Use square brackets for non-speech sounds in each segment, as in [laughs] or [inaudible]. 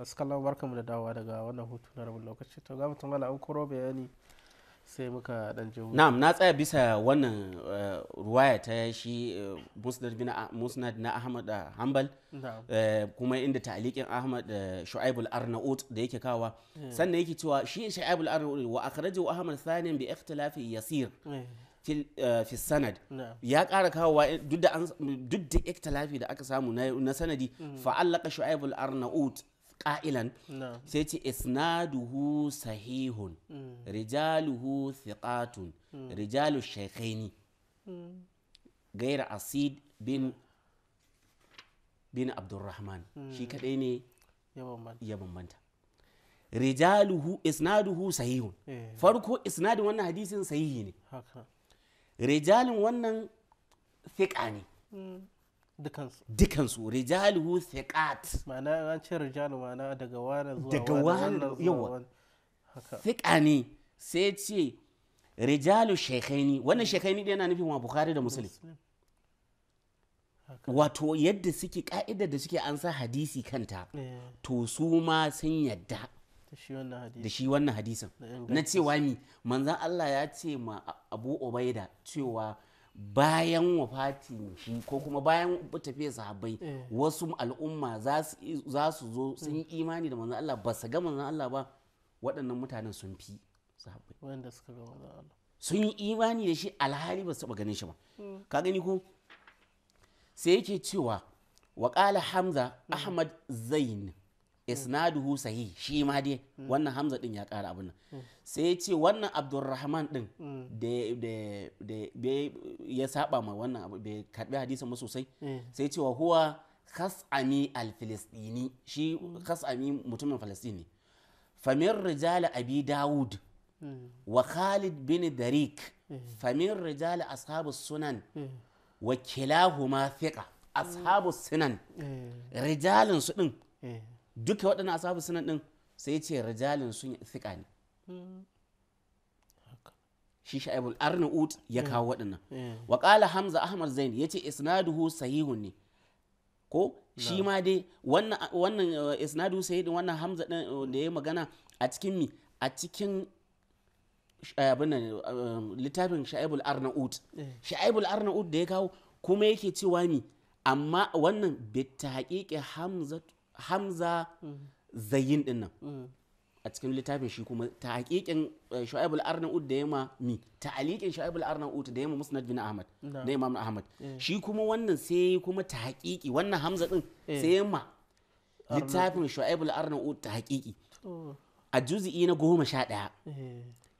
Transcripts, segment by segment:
masu kallon barkanmu da dawowa daga wannan hutu na rabin lokaci to ga mutum an koro bayani sai muka dan je Na na tsaya bisa wannan eh, ruwaya ta shi eh, musnad bin musnad na ahmad eh, hanbal kuma inda ta'liqin ahmad shu'aibul arnaut da yake kawa sannan yake cewa shi shu'aibul arnaut wa akhrajahu ahmad thani bi ikhtilafi yasir fi sanad ya ƙara kawowa duk da iktilafi da aka samu na sanadi hmm. fa'allaka shu'aibul arnaut ƙa'ilan sai ce isnaduhu sahihun rijaluhu thiqatun rijalu shaikhaini gaira asid bin bin abdurrahman shi kadai ne ya bambanta rijaluhu isnaduhu sahihun farko isnadin wannan hadisin sahihi ne rijalin wannan thiqa ne dukansu dukansu rijaluhu thiqat ma'ana an ce rijalu ma'ana daga wane zuwa daga wane yawa thiqa ne sai ce rijalu shekhaini wannan hmm. shekhaini yana nufin wa bukhari da muslim wato yadda suke ka'idar da suke an sa hadisi kanta eh. to su ma sun yadda da shi wannan hadisin na cewa ni manzan Allah ya ce ma abu obaida cewa bayan wafatin shi ko kuma bayan tafiya sahabbai eh. wasu al'umma za su zo sun yi imani da manzan Allah ba su ga manzan Allah ba waɗannan mutanen sun fi sahabbai sun yi imani da shi alhali ba su taɓa ganin shi ba hmm. ka gani ko sai yake cewa wa hamza ahmad zainin isnaduhu sahih shi ma dai wannan hamza din ya kara abin nan sai ya ce wannan abdurrahman din da ya saba ma wannan abu bai karbi hadisin mu sosai sai ya ce wa huwa khas'ami al-filistini shi khas'ami mutumin falastini famin rijal abi dawud wa khalid bin darik famin rijal ashabu sunan wa kilahuma thiqa ashabu sunan eh. rijalin su din eh. duka waɗannan asabu sunan ɗin sai ce rijalin sun thiqa ne shi sha'ibul arnaut ya kawo waɗannan eh, eh. wa hamza ahmad zain ce isnaduhu sahihun ne ko shi ma dai wannan wannan eh, isnadu sayyidin wannan hamza ɗin da ya magana a cikin mi a cikin littafin sha'ibul arnaut sha'ibul arnaut da ya kawo kuma yake cewa mi amma wannan bitta haƙiƙe hamza hamza zayin din nan a cikin littafin shi kuma ta hakikin eh, Shu'aibu al-arnaud da yamma mi ta alikin shu'aib al-arnaud da yamma musnad bin ahmad da imam ahmad eh. shi kuma wannan sai kuma ta hakiki wannan hamza din eh. sai yamma littafin Shu'aibu al-arnaud ta hakiki a juz'i na goma sha ɗaya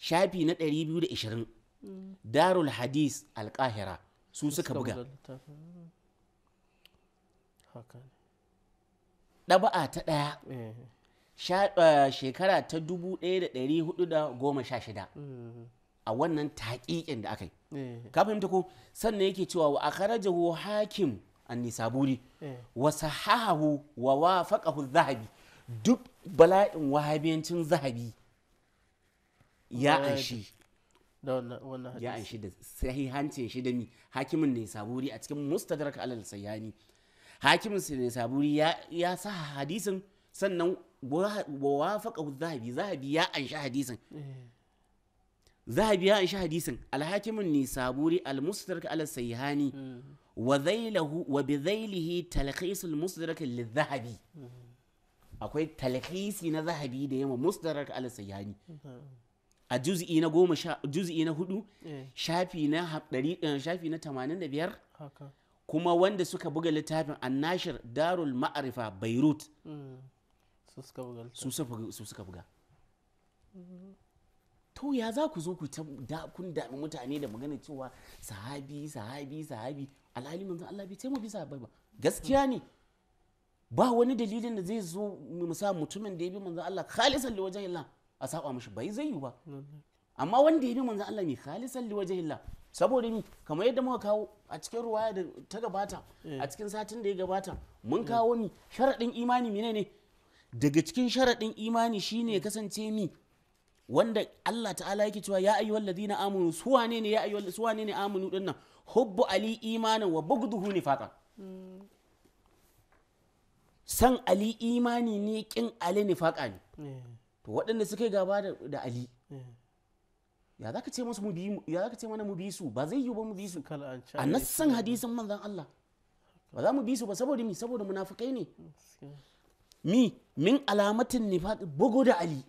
shafi na ɗari biyu da ishirin mm. darul hadis al su suka buga ɗaba'a ta ɗaya eh. Eh, shekara ta 1416 mm. a wannan taƙiƙin da aka yi eh. ka fahimta ko sannan yake cewa wa akharajahu hakim an buri wasu sahahahu wa faƙahu zahabi duk bala'in wahabiyancin zahabi ya anshi ya anshi da sahihancin shi da mi hakimin ne saburi a cikin mustadrak alal sayyani hakimin sai saburi ya sa hadisin sannan wafaka zahabi zahabi ya anshi hadisin eh. zahabi ya anshi hadisin alhakimin ne saburi almustadrak ala sayhani mm. wa zailahu wa bi zailihi talkhis almustadrak lizahabi mm. akwai talkhisi na zahabi da yamma mustadrak ala sayhani mm. a juz'i na goma juz'i na hudu eh. shafi na eh, shafi na 85 kuma wanda suka buga littafin annashir darul ma'arifa beirut hmm. su suka buga to ya za ku zo ku ta kun dami mutane da magana cewa sahabi sahabi sahabi alhali manzon Allah bi taimu bisa ba gaskiya ne ba wani dalilin da zai zo musa mutumin da ya bi manzon Allah khalisan wajen wajhillah a saba mishi bai zai yi ba amma wanda ya bi manzon Allah mai khalisan wajen wajhillah saboda ni kamar yadda muka kawo a cikin ruwaya da ta gabata eh. a cikin satin da ya gabata mun eh. kawo ni sharaɗin imani mine ne daga cikin sharaɗin imani shine eh. kasance ni wanda Allah ta'ala yake cewa ya ayyuhal ladina amanu suwa ne ne ya ayyuhal su ne ne amanu dinnan hubbu ali imanan wa bugduhu nifaqan hmm. san ali imani ne kin ali nifaqa ne to waɗanda suka gaba da ali ya za ka ce masu mu bi ya za ka ce mana mu bi su ba zai yi ba mu bi su a nassan hadisin manzan Allah ba za mu bi su ba saboda mi saboda munafikai ne mi min alamatin nifaq bugu da ali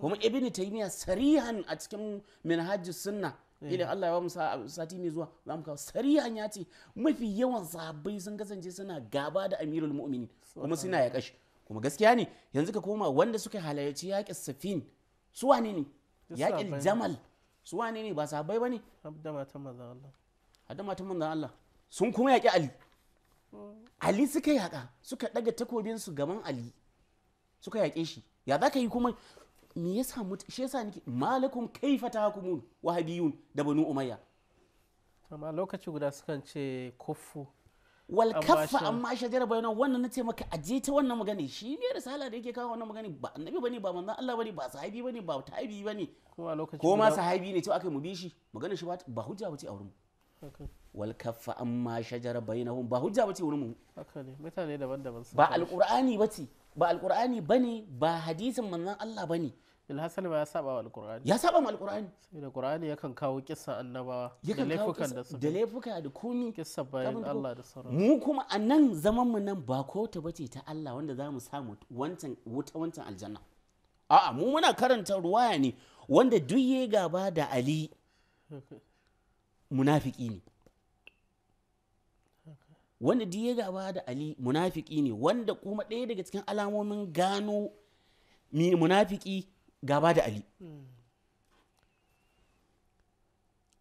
kuma ibnu taymiya sarihan a cikin minhajus sunna eh. idan Allah ya ba sati mai zuwa za mu kawo sarihan ya ce mafi yawan sahabbai sun kasance suna gaba da amirul mu'minin kuma suna ya kashi kuma gaskiya ne yanzu ka koma wanda suka halarci yaƙin safin su wane ne yaƙin jamal su wane ne ba sabai ba ne Adama matan manzan Allah sun kuma yaƙi Ali Ali suka yaƙa suka ɗaga takobin su gaban Ali suka yaƙe shi ya za ka yi kuma me yasa shi yasa nake malakum kaifa tahkumun wahabiyun da banu umayya amma lokaci guda sukan ce kuffu wal kaffa amma shajara bayanan wannan nace maka aje ta wannan magani shi ne risala da yake kawo wannan magani ba annabi bane ba manzon Allah bane ba sahabi bane ba tabi bane ko ma sahabi ne to akai mu bi shi magana shi ba hujja bace a wurin mu wal kaffa amma shajara bainahum ba hujja bace wurin mu haka ne mutane daban-daban ba alqur'ani bace ba alqur'ani bane ba hadisin manzon Allah bane ilhassan ba ya saba wa alkur'ani ya saba wa alkur'ani saboda qur'ani yakan kawo kissa annabawa da laifukan da su da laifuka da komi kissa bayan Allah da sauran mu kuma a nan zaman mu nan ba ko ta bace ta Allah wanda za mu samu wancan wuta wancan aljanna a'a mu muna karanta ruwaya ne wanda duk ya gaba da Ali munafiki ne wanda duk ya gaba da Ali munafiki ne wanda kuma ɗaya daga cikin alamomin gano munafiki gaba da ali hmm.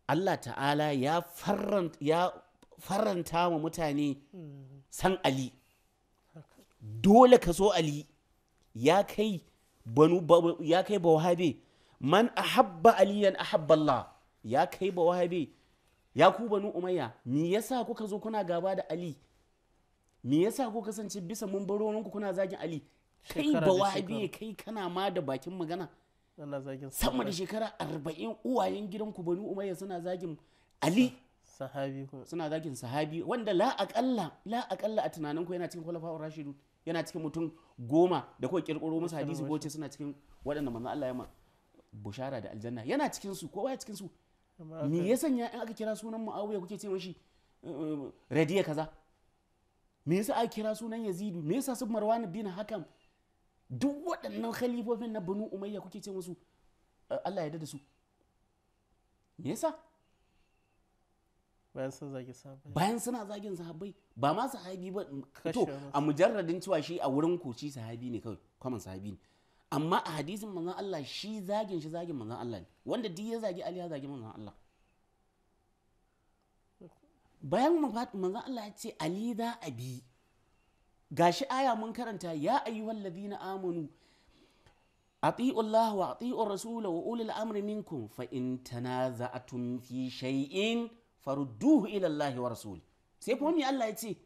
Allah ta'ala ya faranta wa mutane hmm. san ali dole ka so ali ya kai banu ya kai bawahabe man ahabba aliyan ahabba Allah ya kai bawahabe ya ku banu umayya me yasa kuka zo kuna gaba da ali me yasa ku kasance bisa mun baro ku kuna zagin ali kai bala'abi kai kana ma da bakin magana sama da shekara arba'in uwayen gidan ku bani umayya suna zagin ali sahabi suna zagin sahabi wanda la akalla la akalla a tunanin ku yana cikin khulafa'ur Rashidu yana cikin mutum goma da kawai kirkiro masa hadisi ko ce suna cikin waɗanda manzon Allah ya bushara da aljanna yana cikin su kowa ya cikin su me ya sanya in aka kira sunan Muawiya kuke ce mashi eh, eh, radiya kaza me yasa aka kira sunan Yazidu me yasa sub Marwan bin Hakam duk waɗannan khalifofin na banu umayya kuke ce musu Allah ya da su me yasa bayan sun zagi sahabbai bayan suna zagin sahabbai ba ma sahabi ba to a mujarradin cewa shi a wurin ku shi sahabi ne kawai kwaman sahabi ne amma a hadisin manzon Allah shi zagin shi zagin manzon Allah ne wanda duk ya zagi Ali ya zagi manzon Allah bayan manzon Allah ya ce Ali za a bi gashi aya mun karanta ya ayyuhal ladina amanu ati'u Allah wa ati'u rasula wa ulil amri minkum fa in tanaza'tum fi shay'in farudduhu ila Allah wa rasul sai kuma me Allah ya ce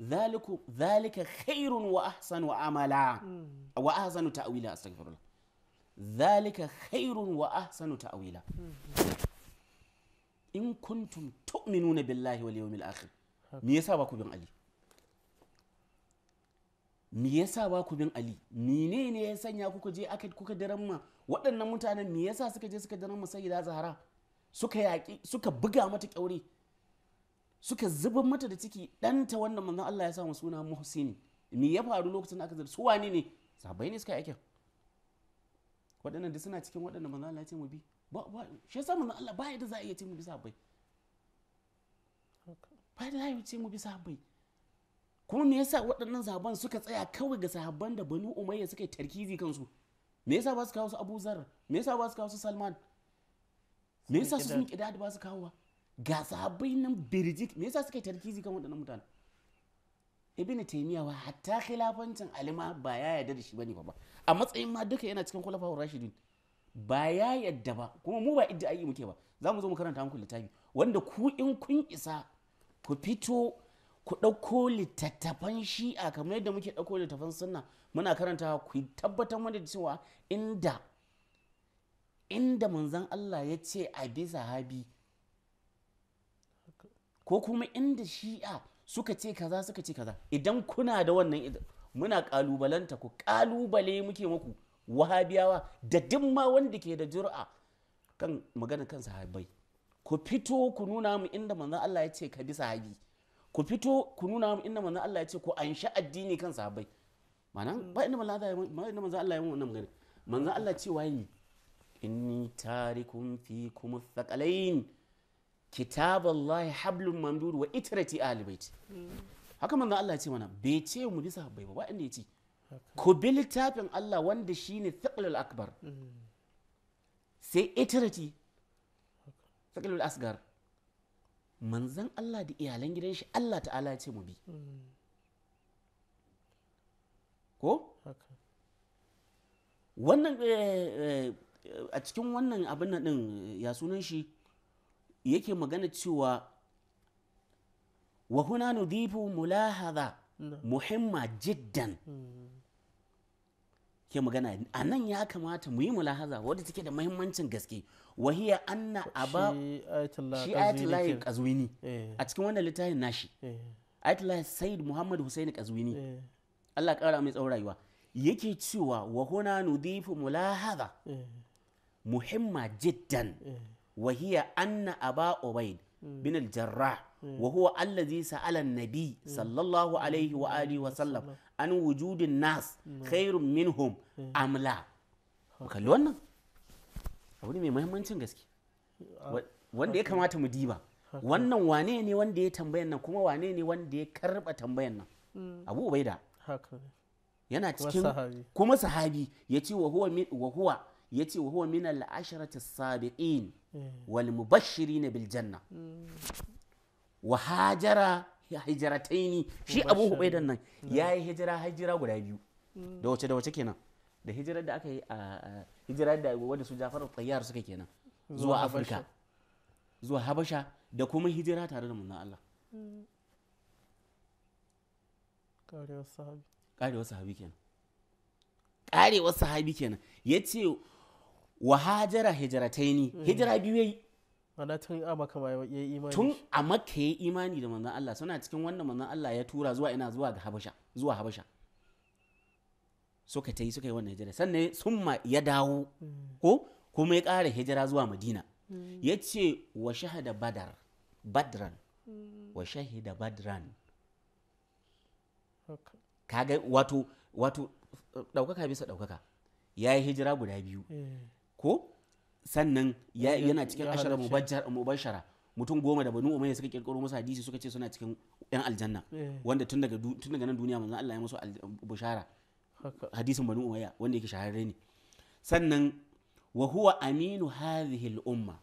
zaliku zalika khairun wa ahsanu amala hmm. wa ahsanu ta'wila astaghfirullah zalika khairun wa ahsanu ta'wila hmm. in kuntum tu'minuna billahi wal me yasa baku bin ali me yasa ba ku bin ali Mene ne ya sanya kuka je aka kuka ma waɗannan mutanen me yasa suka je suka daramma sayyida Zahra? suka yaƙi suka buga mata ƙyauri, suka zubar mata da ciki ɗanta wannan manzon Allah ya sa mu suna Muhsin Mi ya faru lokacin da aka zara su wane ne sabai ne suka aikin waɗannan da suna cikin waɗanda manzon Allah ya ce mu bi Ba shi yasa manzon Allah ba yadda za a iya ce mu bi sabai ba yadda za a iya ce mu bi sabai kuma me yasa waɗannan zaben suka tsaya kawai ga sahabban da banu umayya suka yi tarkizi kansu me yasa ba su kawo su abu me yasa ba su kawo su salman me yasa su sun kida da ba su kawo ga sahabbai nan birjik me yasa suka yi tarkizi kan waɗannan mutane ibn taymiya wa hatta khilafancin alima ba ya yarda da shi bane ba a matsayin ma duka yana cikin kulafa rashidin ba ya yarda ba kuma mu ba idda ayi muke ba za mu zo mu karanta muku littafi wanda ku in kun isa ku fito ku ɗauko littattafan shi'a kamar yadda muke ɗauko littattafan sunna muna karantawa ku yi tabbatar mana da cewa inda inda manzan Allah ya ce a bi sahabi ko kuma inda shi'a suka ce kaza suka ce kaza idan kuna da wannan muna kalubalanta ku kalubale muke muku wahabiyawa da duk wanda ke da jur'a kan magana kan sahabai ku fito ku nuna mu inda manzan Allah ya ce ka bi sahabi ku fito ku nuna inda manzon Allah ya ce ku an sha addini kan sahabbai ma'ana mm. ba inda manzon Allah ya yi wannan magana manzon Allah ce yi inni tarikum fi kuma thaqalain kitaballahi hablum mamdud wa itrati ahli bait mm. haka manzon Allah ya ce mana bai ce mu bi sahabbai ba ba inda ya ce ku bi littafin Allah wanda shine thaqalul akbar mm. sai itrati thaqalul asgar manzan Allah da iyalan gidan shi Allah ta'ala ya ce mu bi ko wannan eh, eh, a cikin wannan abin nan din ya sunan shi yake magana cewa wa huna nudhifu mulahaza muhimma jiddan hmm. ke magana a nan ya kamata mu yi mulahaza wadda take da mahimmancin gaske wahiya anna aba shi ayatullahi kazwini eh. a cikin wannan littafin nashi eh. ayatullahi sayyid muhammad husaini kazwini eh. Allah kara mai tsawon rayuwa yake cewa wa huna nudifu mulahaza muhimma jiddan wahiya anna aba ubaid hmm. bin al-jarrah wa huwa allazi sa'ala nabi sallallahu alaihi wa alihi wa sallam an wujudin nas khairun minhum amla kalli wannan abu ne mai muhimmancin gaske wanda ya kamata mu diba wannan wane ne wanda ya tambayan nan kuma wane ne wanda ya karba tambayan nan hmm. abu ubaida yana cikin kuma sahabi ya ce wa huwa ya ce wa huwa min al-asharati sabiqin hmm. wal mubashirin bil janna hmm. wa hajara ni shi abu hubaidan nan mm. ya yi hijira hijira guda biyu mm. da wace da wace kenan da hijirar da aka yi a hijirar da wanda su jafar tayyar suka kenan zuwa afirka zuwa habasha da kuma hijira tare da munna Allah mm. karewar sahabi sahabi kenan karewar sahabi kenan yace wa hajara hijrataini hijira biyu yi. ana tun a maka ma ya imani tun a maka ya imani da manzon Allah suna cikin wannan manzon Allah ya tura zuwa ina zuwa ga Habasha zuwa Habasha suka ta yi suka yi wannan hijira sannan summa ya dawo hmm. ko kuma ya ƙara hijira zuwa Madina hmm. ya ce wa shahada badar badran hmm. wa shahida badran kaga wato wato ɗaukaka bisa ɗaukaka ya yi hijira guda biyu eh. ko sannan yana cikin ashara mubashara mutum goma da banu umayya suka kirkiro musu hadisi suka ce suna cikin yan aljanna eh. wanda tun daga tun daga nan duniya manzon Allah ya musu bushara hadisin banu umayya wanda yake shahararre ne sannan wa huwa aminu hadhihi al-umma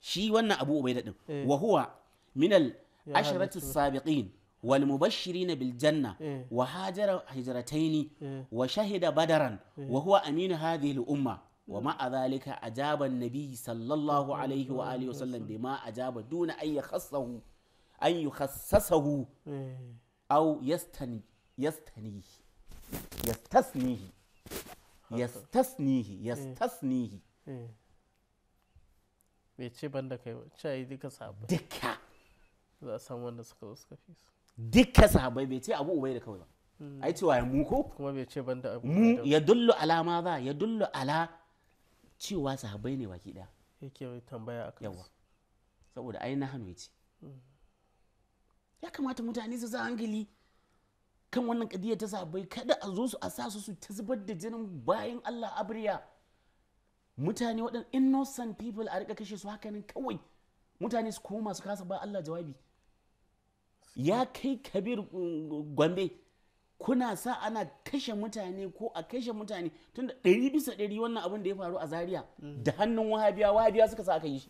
shi wannan abu ubaida din eh. wa huwa min al-asharati sabiqin wal mubashirina bil janna eh. wa hajara hijrataini wa shahida badaran wa huwa aminu hadhihi al-umma Wama ma'a zalika ajaba nabi sallallahu alaihi wa alihi wasallam bima ajaba duna an yakhassahu an yukhassasahu eh. aw yastani yastani yastasnihi yastasnihi eh. yastasnihi eh. bai ce ban da kai ba ce duka sahabbai duka za a san wanda suka zo suka fi su duka sahabbai bai ce abu ubai da kawai ba hmm. ai cewa ya mu ko kuma bai ce ban da abu mu ya dullu ala ma ya dullu ala cewa sahabbai ne baki daya yake tambaya akan yawa saboda ai na hannu yace ya kamata mutane su za hankali kan wannan kadiyar ta sahabbai kada a zo su a sa su su ta zubar da jinin bayan Allah abriya mutane waɗanda innocent people a rika kashe su nan kawai mutane su koma su kasa ba Allah jawabi ya kai kabir mm, gombe kuna sa ana kashe mutane ko a kashe mutane tunda ɗari bisa ɗari wannan abin da ya faru a zaria da hannun wahabiya wahabiya suka sa aka yi shi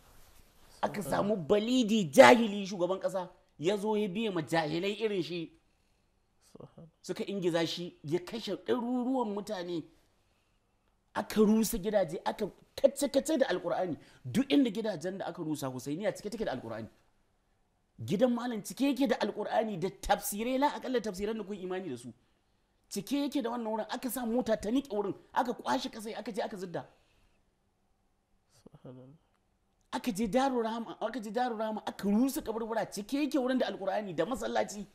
aka samu balidi jahili shugaban ƙasa ya zo ya biya ma jahilai irin shi suka ingiza shi ya kashe ɗaruruwan mutane aka rusa gidaje aka kace-kace da alkur'ani duk inda gidajen da aka rusa husainiya cike take da alkur'ani gidan malam cike yake da alkur'ani da tafsirai la akalla tafsiran da kun imani da su cike yake da wannan wurin aka sa mota ta niƙe wurin aka kwashe kasai aka je aka zidda aka je daru rahama aka je daru rahama aka rusa kaburbura cike yake wurin da alkur'ani da masallaci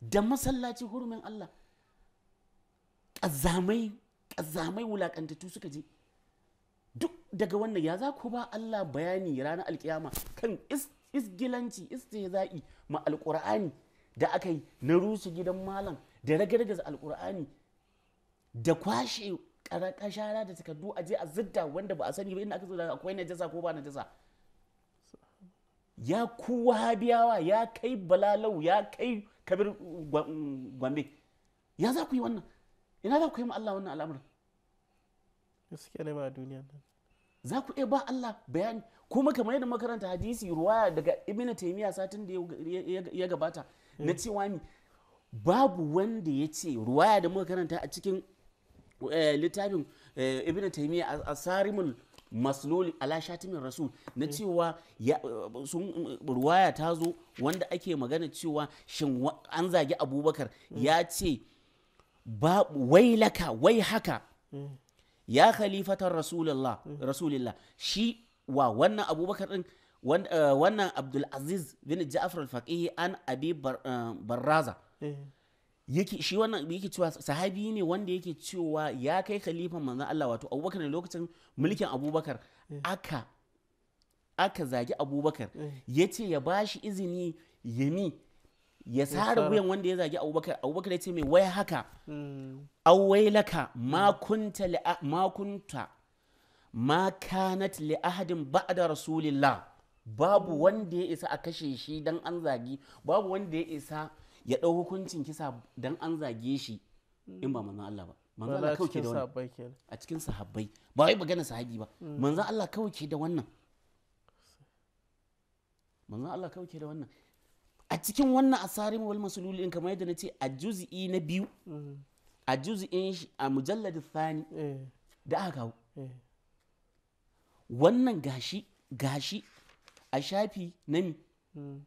da masallaci hurumin Allah ƙazamai ƙazamai wulakantattu suka je duk daga wannan ya za ku ba Allah bayani ranar alkiyama kan isgilanci istihza'i ma alqur'ani da aka yi na rushe gidan malam da ragargaza alqur'ani da kwashe karakashara da takardu a je a zidda wanda ba a sani ba inda aka zo da akwai jasa ko ba na jasa ya ku wahabiyawa ya kai balalau ya kai kabir Gombe. ya za ku yi wannan ina za ku yi ma Allah wannan al'amuran? gaskiya ne ba a duniya nan za ku iya ba Allah bayani kuma kamar yadda makaranta hadisi ruwaya daga ibn taymiya satin da ya gabata na hmm. cewa ne babu wanda ya ce ruwaya da makaranta a cikin eh, littafin eh, ibn taymiya a sarimul masloli ala shatimin rasul na hmm. cewa sun ruwaya ta zo wanda ake magana cewa shin an zagi abubakar hmm. ya ce babu wai laka wai haka ya khalifatar rasulullah shi wa wannan abubakar din eh, wannan abdulaziz bin ja'far al-faqihi an abi eh, barraza mm. shi wannan yake cewa sahabi ne wanda yake cewa ya kai khalifan manzon Allah wato abubakar ne lokacin mulkin abubakar mm. aka aka zagi abubakar mm. ya ce ya bashi izini yami ya sare wuyan wanda ya zagi abubakar abubakar ya ce mai wai haka hmm. hmm. A ma kunta ma kunta ma kanat li ahadin ba'da rasulillah babu hmm. wanda ya isa a kashe shi dan an zagi babu wanda ya isa ya dau hukuncin kisa dan an zage shi in ba manzon Allah ba manzon Allah kawai ke da wannan a cikin sahabbai ba wai magana sahabi ba manzon Allah kawai da wannan manzon Allah kawai ke da wannan a cikin wannan asarin wal masulul in kamar yadda na ce a juzi'i na biyu a juz'in a mujalladi thani eh. da aka kawo eh. wannan gashi a shafi na mi hmm.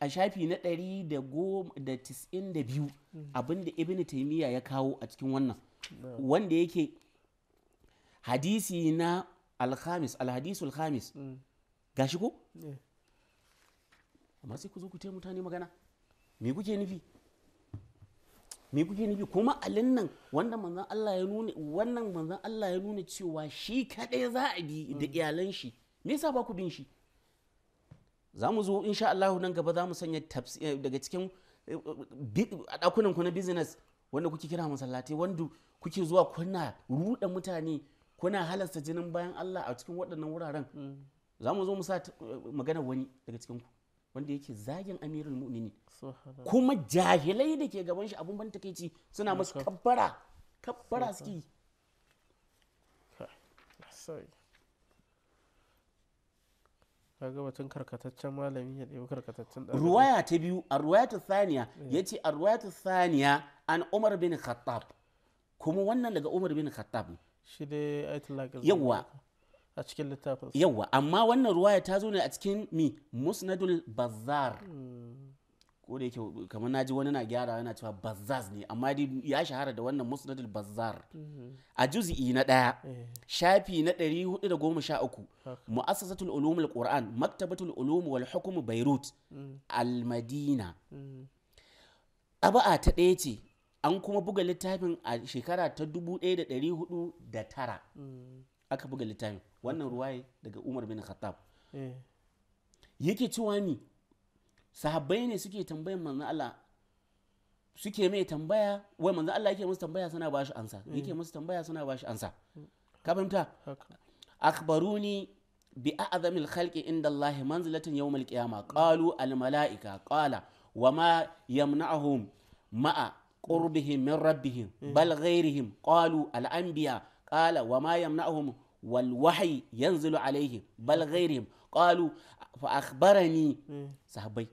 a shafi na ɗari da tis'in da biyu hmm. abinda ibn taimiyya ya kawo a cikin wannan wanda yake hadisi na alhamis alhadisul khamis hmm. gashi ko eh. amma sai ku zo ku taya mutane magana me kuke nufi me kuke nufi kuma alin nan wannan manzon Allah ya nuna wannan manzon Allah ya nuna cewa shi kadai za a bi da mm. iyalan shi me yasa ba ku bin shi za mu zo insha Allah nan gaba za mu sanya eh, daga cikin eh, eh, a dakunan ku na business wanda kuke kira masallatai wanda kuke zuwa kuna ruɗa mutane kuna halasta jinin bayan Allah a cikin waɗannan wuraren mm. za mu zo mu sa magana wani daga cikin ku wanda yake zagin amirul mu'minin kuma jahilai da ke gaban shi abun ban takeici suna masu kabbara kabbara suke ga batun karkataccen malami ya ɗebi karkataccen ɗalibi ruwaya ta biyu a ruwaya ta saniya eh. ya ce a ruwaya ta saniya an umar bin khattab kuma wannan daga umar bin khattab ne shi dai ayatollah gazi yawa a cikin littafin yawa amma wannan ruwaya ta zo ne a cikin mi musnadul bazar ko da yake kamar naji wani na gyara yana cewa bazaz ne amma dai ya shahara da wannan musnadul bazar. Mhm. a juz'i na daya eh. shafi na 413 mu'assasatul ulum alquran quran maktabatul ulum wal hukm beirut mm. al-madina mm. aba'a ta daya ce an kuma buga littafin a shekara ta 1409 aka buga littafin wannan ruwaye daga umar bin khattab eh. yake cewa ni sahabbai ne suke tambayan manzo Allah suke mai tambaya wai manzo Allah yake musu tambaya suna ba shi ansa eh. yake musu tambaya suna ba shi ansa hmm. ka fahimta akhbaruni bi a'zamil khalqi inda Allah manzilatan yawm al-qiyamah qalu al-mala'ika qala wama yamna'uhum ma'a qurbihim min rabbihim eh. bal ghayrihim qalu al-anbiya' qala wa ma yamna'uhum wal wahyi yanzilu alaihim bal ghairihim qalu fa akhbarani hmm. sahabbai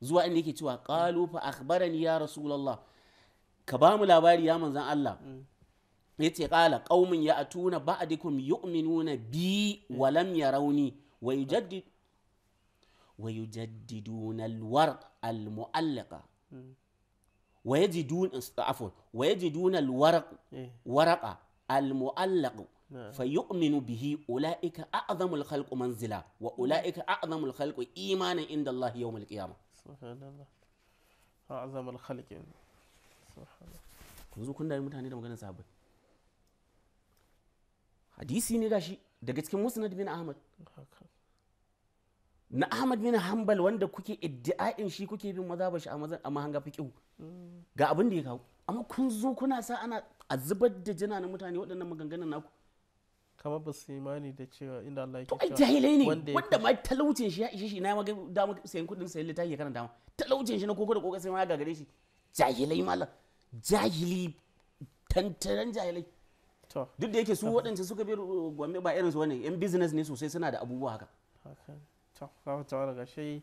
zuwa inda yake cewa qalu fa akhbarani ya rasulullah ka bamu labari ya manzan Allah hmm. yace qala qaumun ya'tuna ba'dikum yu'minuna bi hmm. wa rauni yarawni wa yujaddid wa al-mu'allaq fa yu'minu bihi ula'ika a'zamul manzila wa inda Allah mutane da maganar hadisi ne gashi daga cikin musnad bin ahmad na ahmad bin hanbal wanda kuke iddi'a'in shi kuke bin maza ba shi a mahanga fiqihu ga abin da ya kawo amma kun zo kuna sa ana a zubar da jina na mutane waɗannan maganganun naku kamar ba su imani da cewa inda Allah yake cewa jahilai ne wanda ma talaucin shi ya ishe shi na ma dama sayan kudin sayan littafi ya karanta ma talaucin shi na koko da koko sai ma ya gagare shi jahilai malam jahili tantaran jahilai duk da yake su waɗanda suka bi uh, gwamnati ba irin su wani yan business ne sosai suna da abubuwa haka to ta wani gashi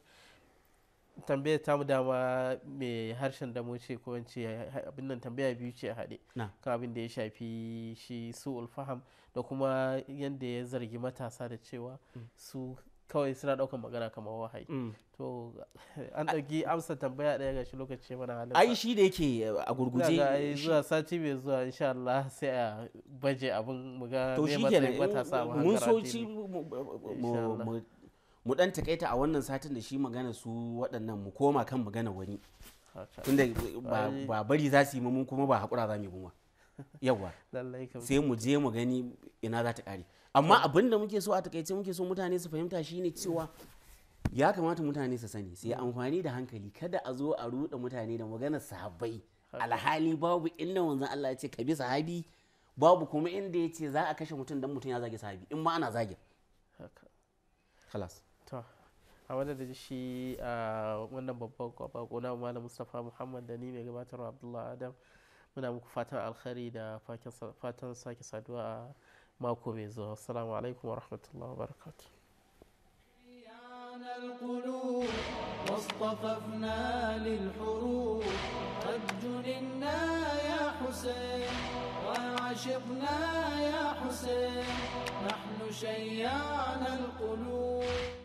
tambayar ta mu dama mai harshen da mu ce ko ce abin nan tambaya biyu ce a haɗe ka abin da ya shafi shi su ulfaham da kuma yadda ya zargi matasa da cewa mm. su kawai suna ɗaukan magana kamar wahayi mm. to an ɗauki amsa tambaya ɗaya ga shi lokaci mana halin ai shi da yake a gurguje zuwa sati mai zuwa insha Allah sai a baje abin mu ga ne matasa mun soci mu dan takaita a wannan satin da shi magana su waɗannan mu koma kan magana wani tunda ba bari za su yi mun kuma ba haƙura za mu yi ba yawa [laughs] sai mu je mu gani ina za ta ƙare amma abin da muke so a takaice muke so mutane su fahimta shi ne cewa ya kamata mutane su sani sai mm. amfani da hankali kada a zo a ruɗa mutane da magana sahabbai alhali babu inda wanzan Allah ya ce ka bi sahabi babu kuma inda ya ce za a kashe mutum dan mutum ya zage sahabi in ma ana zage خلاص a wannan da shi a wannan babban kwaba gona malam mustapha muhammad da ni mai gabatarwa abdullahi adam muna muku fatan alkhari da fatan sake saduwa a mako mai zuwa assalamu alaikum wa rahmatullahi wa barakatuh واصطففنا للحروب قد جننا يا حسين وعشقنا يا حسين نحن شيعنا القلوب